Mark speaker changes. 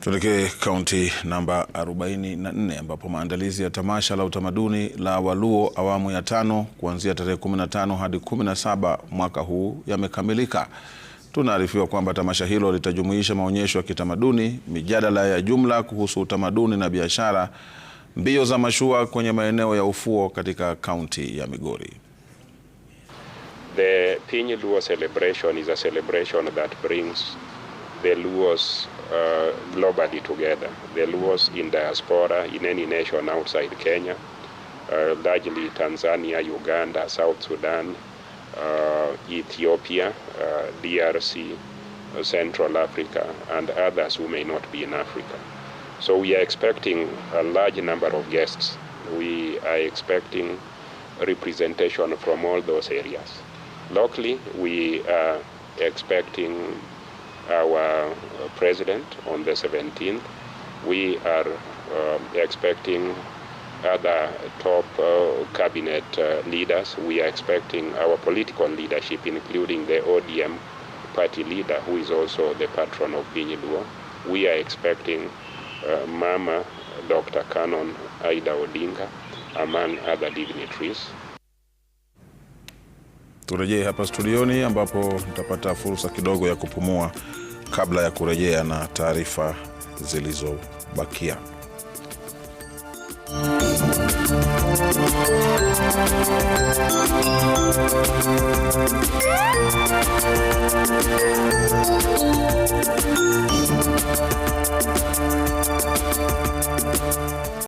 Speaker 1: Tuelekee kaunti namba 44 ambapo maandalizi ya tamasha la utamaduni la Waluo awamu ya tano kuanzia tarehe 15 hadi 17 mwaka huu yamekamilika. Tunaarifiwa kwamba tamasha hilo litajumuisha maonyesho ya kitamaduni, mijadala ya jumla kuhusu utamaduni na biashara, mbio za mashua kwenye maeneo ya ufuo katika kaunti ya Migori.
Speaker 2: The Pinyi Luo celebration is a celebration that brings the Luos uh, globally together, the Luos in diaspora in any nation outside Kenya, uh, largely Tanzania, Uganda, South Sudan, uh, Ethiopia, uh, DRC, uh, Central Africa, and others who may not be in Africa. So we are expecting a large number of guests. We are expecting representation from all those areas. Locally, we are expecting our uh, president on the 17th. We are um, expecting other top uh, cabinet uh, leaders. We are expecting our political leadership, including the ODM party leader, who is also the patron of Binyiluo. We are expecting uh, Mama Dr. Canon Aida Odinga, among other dignitaries.
Speaker 1: Turejee hapa studioni ambapo tutapata fursa kidogo ya kupumua kabla ya kurejea na taarifa zilizobakia.